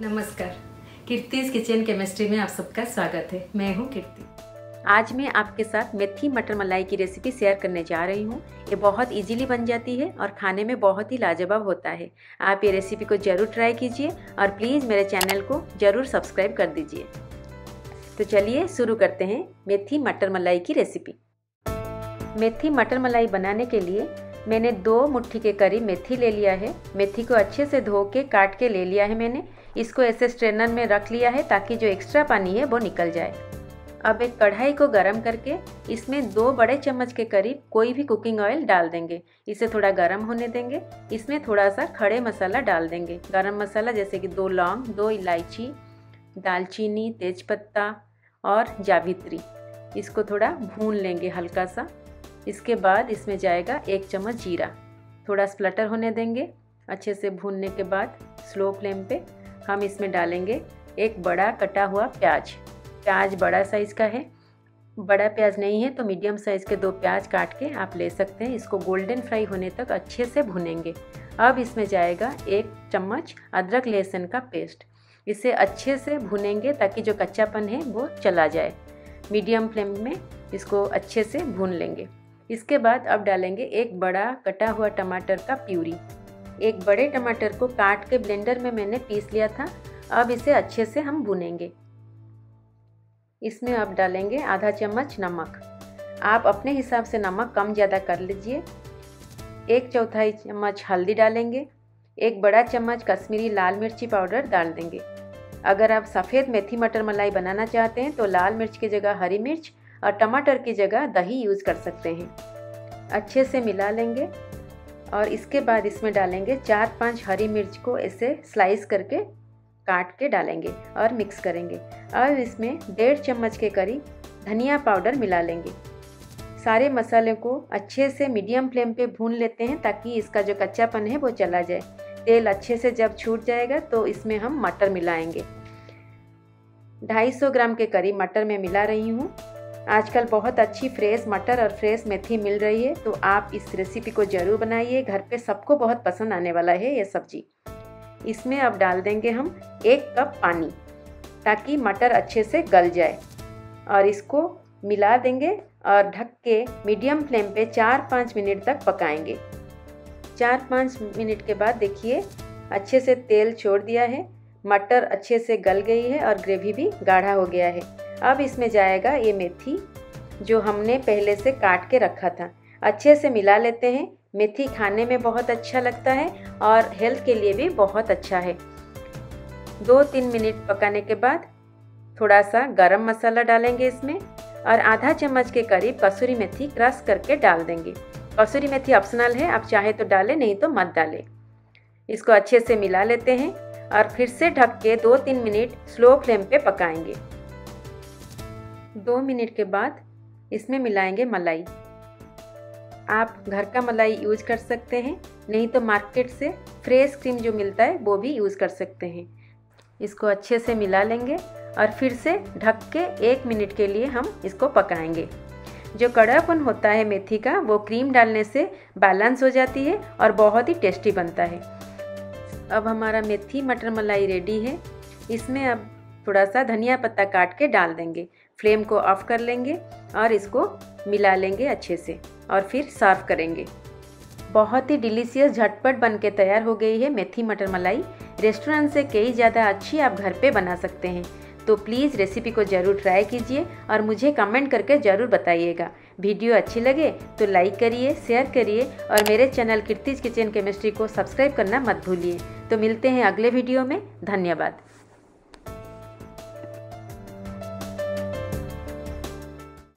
नमस्कार Kirti's kitchen chemistry में आप सबका स्वागत है मैं हूँ कीर्ति आज मैं आपके साथ मेथी मटर मलाई की रेसिपी शेयर करने जा रही हूँ ये बहुत इजीली बन जाती है और खाने में बहुत ही लाजवाब होता है आप ये रेसिपी को ज़रूर ट्राई कीजिए और प्लीज़ मेरे चैनल को ज़रूर सब्सक्राइब कर दीजिए तो चलिए शुरू करते हैं मेथी मटर मलाई की रेसिपी मेथी मटर मलाई बनाने के लिए मैंने दो मुट्ठी के करीब मेथी ले लिया है मेथी को अच्छे से धो के काट के ले लिया है मैंने इसको ऐसे स्ट्रेनर में रख लिया है ताकि जो एक्स्ट्रा पानी है वो निकल जाए अब एक कढ़ाई को गरम करके इसमें दो बड़े चम्मच के करीब कोई भी कुकिंग ऑयल डाल देंगे इसे थोड़ा गरम होने देंगे इसमें थोड़ा सा खड़े मसाला डाल देंगे गरम मसाला जैसे कि दो लौंग दो इलायची दालचीनी तेजपत्ता और जावित्री इसको थोड़ा भून लेंगे हल्का सा इसके बाद इसमें जाएगा एक चम्मच जीरा थोड़ा स्प्लटर होने देंगे अच्छे से भूनने के बाद स्लो फ्लेम पर हम इसमें डालेंगे एक बड़ा कटा हुआ प्याज प्याज बड़ा साइज़ का है बड़ा प्याज नहीं है तो मीडियम साइज़ के दो प्याज काट के आप ले सकते हैं इसको गोल्डन फ्राई होने तक अच्छे से भुनेंगे अब इसमें जाएगा एक चम्मच अदरक लहसुन का पेस्ट इसे अच्छे से भुनेंगे ताकि जो कच्चापन है वो चला जाए मीडियम फ्लेम में इसको अच्छे से भून लेंगे इसके बाद अब डालेंगे एक बड़ा कटा हुआ टमाटर का प्यूरी एक बड़े टमाटर को काट के ब्लेंडर में मैंने पीस लिया था अब इसे अच्छे से हम भुनेंगे इसमें अब डालेंगे आधा चम्मच नमक आप अपने हिसाब से नमक कम ज़्यादा कर लीजिए एक चौथाई चम्मच हल्दी डालेंगे एक बड़ा चम्मच कश्मीरी लाल मिर्ची पाउडर डाल देंगे अगर आप सफ़ेद मेथी मटर मलाई बनाना चाहते हैं तो लाल मिर्च की जगह हरी मिर्च और टमाटर की जगह दही यूज़ कर सकते हैं अच्छे से मिला लेंगे और इसके बाद इसमें डालेंगे चार पांच हरी मिर्च को ऐसे स्लाइस करके काट के डालेंगे और मिक्स करेंगे और इसमें डेढ़ चम्मच के करीब धनिया पाउडर मिला लेंगे सारे मसाले को अच्छे से मीडियम फ्लेम पे भून लेते हैं ताकि इसका जो कच्चापन है वो चला जाए तेल अच्छे से जब छूट जाएगा तो इसमें हम मटर मिलाएंगे 250 ग्राम के करीब मटर मैं मिला रही हूँ आजकल बहुत अच्छी फ्रेश मटर और फ्रेश मेथी मिल रही है तो आप इस रेसिपी को ज़रूर बनाइए घर पे सबको बहुत पसंद आने वाला है ये सब्जी इसमें अब डाल देंगे हम एक कप पानी ताकि मटर अच्छे से गल जाए और इसको मिला देंगे और ढक के मीडियम फ्लेम पे चार पाँच मिनट तक पकाएंगे चार पाँच मिनट के बाद देखिए अच्छे से तेल छोड़ दिया है मटर अच्छे से गल गई है और ग्रेवी भी गाढ़ा हो गया है अब इसमें जाएगा ये मेथी जो हमने पहले से काट के रखा था अच्छे से मिला लेते हैं मेथी खाने में बहुत अच्छा लगता है और हेल्थ के लिए भी बहुत अच्छा है दो तीन मिनट पकाने के बाद थोड़ा सा गरम मसाला डालेंगे इसमें और आधा चम्मच के करीब कसूरी मेथी क्रश करके डाल देंगे कसूरी मेथी ऑप्शनल है आप चाहे तो डालें नहीं तो मत डालें इसको अच्छे से मिला लेते हैं और फिर से ढक के दो तीन मिनट स्लो फ्लेम पे पकाएंगे दो मिनट के बाद इसमें मिलाएंगे मलाई आप घर का मलाई यूज कर सकते हैं नहीं तो मार्केट से फ्रेश क्रीम जो मिलता है वो भी यूज़ कर सकते हैं इसको अच्छे से मिला लेंगे और फिर से ढक के एक मिनट के लिए हम इसको पकाएंगे जो कड़ापन होता है मेथी का वो क्रीम डालने से बैलेंस हो जाती है और बहुत ही टेस्टी बनता है अब हमारा मेथी मटर मलाई रेडी है इसमें अब थोड़ा सा धनिया पत्ता काट के डाल देंगे फ्लेम को ऑफ कर लेंगे और इसको मिला लेंगे अच्छे से और फिर सर्व करेंगे बहुत ही डिलीशियस झटपट बन के तैयार हो गई है मेथी मटर मलाई रेस्टोरेंट से कई ज़्यादा अच्छी आप घर पे बना सकते हैं तो प्लीज़ रेसिपी को ज़रूर ट्राई कीजिए और मुझे कमेंट करके ज़रूर बताइएगा वीडियो अच्छी लगे तो लाइक करिए शेयर करिए और मेरे चैनल कीर्तिज किचन केमिस्ट्री को सब्सक्राइब करना मत भूलिए तो मिलते हैं अगले वीडियो में धन्यवाद